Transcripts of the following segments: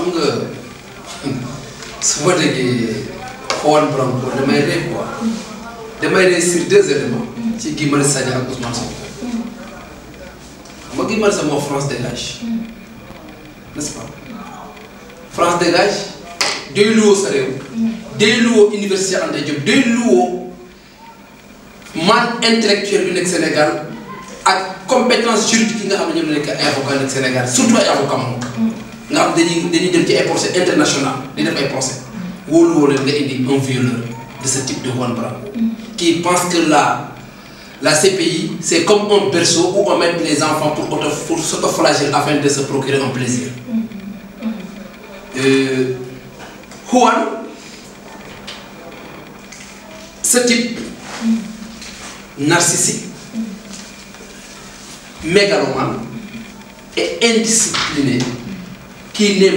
xam nga su ma déggee Juan Branco damay rey quoi damay rey sur deux ci Guy Marius Sagna ak Ousmane Sonko xam nga Guy moo France dégage n'est-ce pas France dégage day luwoo sa réew day luwoo université Anta Diop day luwoo man intellectuel bi nekk Sénégal ak compétence juridique yi nga xam ne ñoom la nekk ay avocat nekk Sénégal surtout ay avocat moom nga xam international di procès un violeur de ce type de Juan qui pense que la CPI c'est comme un berceau où on met les enfants pour auto afin de se procurer un plaisir euh, Juan ce type narcissique mégalomane et indiscipliné qui n'est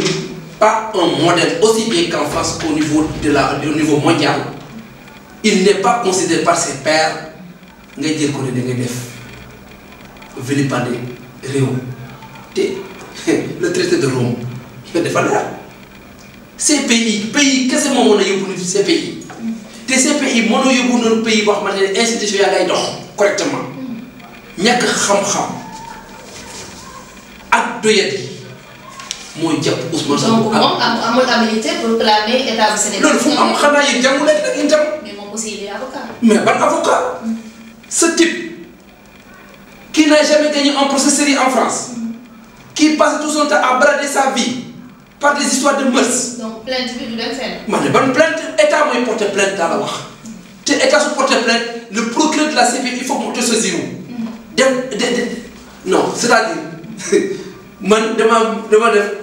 pas un modèle aussi bien qu'en France au niveau, de la, au niveau mondial, il n'est pas considéré par ses pairs nga jël ko ne da ngay def vilipender réew te le traité de Rome dafa leer CPI pays kese moo mën ces pays nit CPI te CPI mënoo yóbbu noonu pays boo xamante ne institution yaa ngay n'y correctement que Kham Kham. Acte de Yadi mooy jàpp Ousmane Sonko. donc moom amul habilité pour clamer état bu Sénégal. loolu fu mu am xanaa yéen jàngu nekk nag yéen mais mon aussi il est avocat. mais ban avocat. ce type qui n'a jamais gagné un procès sérieux en France. qui passe tout son temps à brader sa vie par des histoires de mœurs. donc plainte bi du dem fenn. ma ne ban plainte état mooy porter plainte daa la wax te état su porter plainte le procureur de la CPI il faut que mu autosaisir dem non c'est-à-dire man dama dama def.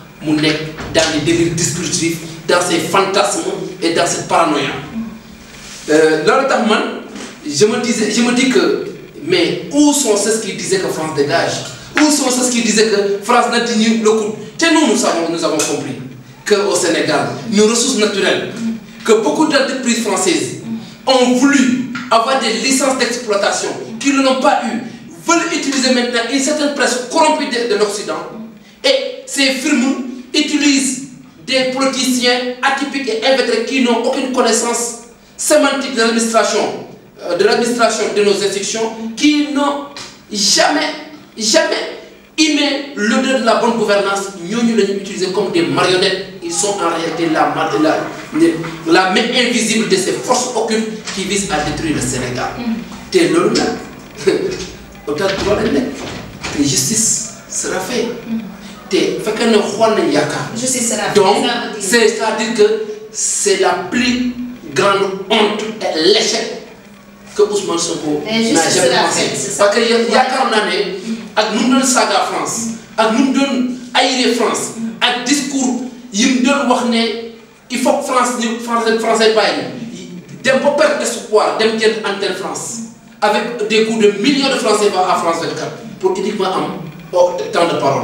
Mon dans les délires discrétifs, dans ces fantasmes et dans cette paranoïa Dans euh, le je me disais je me dis que mais où sont ceux qui disaient que France dégage où sont ceux qui disaient que France na tenu le coup Tiens, nous nous savons nous avons compris que au Sénégal nos ressources naturelles que beaucoup d'entreprises françaises ont voulu avoir des licences d'exploitation qu'ils n'ont pas eu veulent utiliser maintenant une certaine presse corrompue de, l'Occident et c'est firmes utilise des politiciens atypiques et invétérés qui n'ont aucune connaissance sémantique de l'administration, euh, de l'administration de nos institutions, qui n'ont jamais, jamais aimé l'odeur de la bonne gouvernance. ils nous les comme des marionnettes. Ils sont en réalité la, main invisible de ces forces occultes qui visent à détruire le Sénégal. T'es le là. au de justice sera faite. Mm. C'est donc à que c'est la plus grande honte et l'échec que Ousmane Soko n'a jamais pensé parce que Yakar Nané, France ak nous France ak discours il me il faut France français de France avec des coûts de millions de Français à France pour uniquement oh, temps de parole.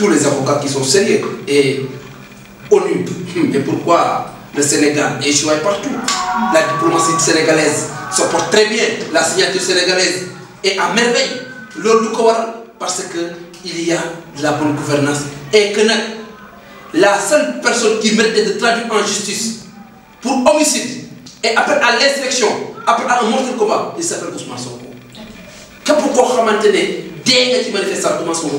tous les avocats qui sont sérieux et ONU. Hmm. Et pourquoi le Sénégal échoué partout La diplomatie sénégalaise se porte très bien, la signature sénégalaise est à merveille. Le du parce qu'il y a de la bonne gouvernance et que la seule personne qui mérite de traduire en justice pour homicide et après à l'insurrection, après à un mortel combat, il s'appelle Ousmane Sonko. Que pourquoi Khamantene, dès que tu manifestes, Ousmane Sonko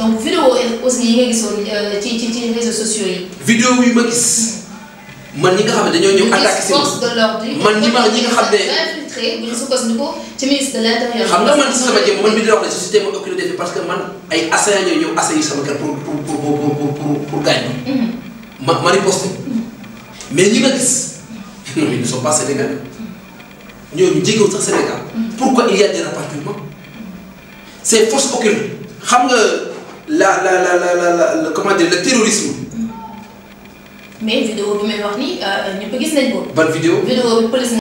donc vidéo aussi yi nga gisoon euh, ci ci ci réseaux sociaux yi. vidéo yi ma gis man ñi nga xam ne dañoo ñëw attaqué seen man ñi ma ñi nga xam ne. ci ministre de l'intérieur. xam nga man si sama jéem man mi di wax ne société ma occupé defi parce que man ay assaillants ñoo ñëw assaillir sama kër pour pour pour pour pour pour gaañ ma. Mm-hmm. ma ma mm-hmm. mais ñi ma gis ñoom ils ne sont pas sénégalais ñooñu jéggiwul sax Sénégal. Mm-hmm. pourquoi il y a des rapatriements. c'est force occulte xam nga la la la la la le comment dire le terrorisme. mais vidéo bi may wax nii euh, ñëpp nañ vidéo police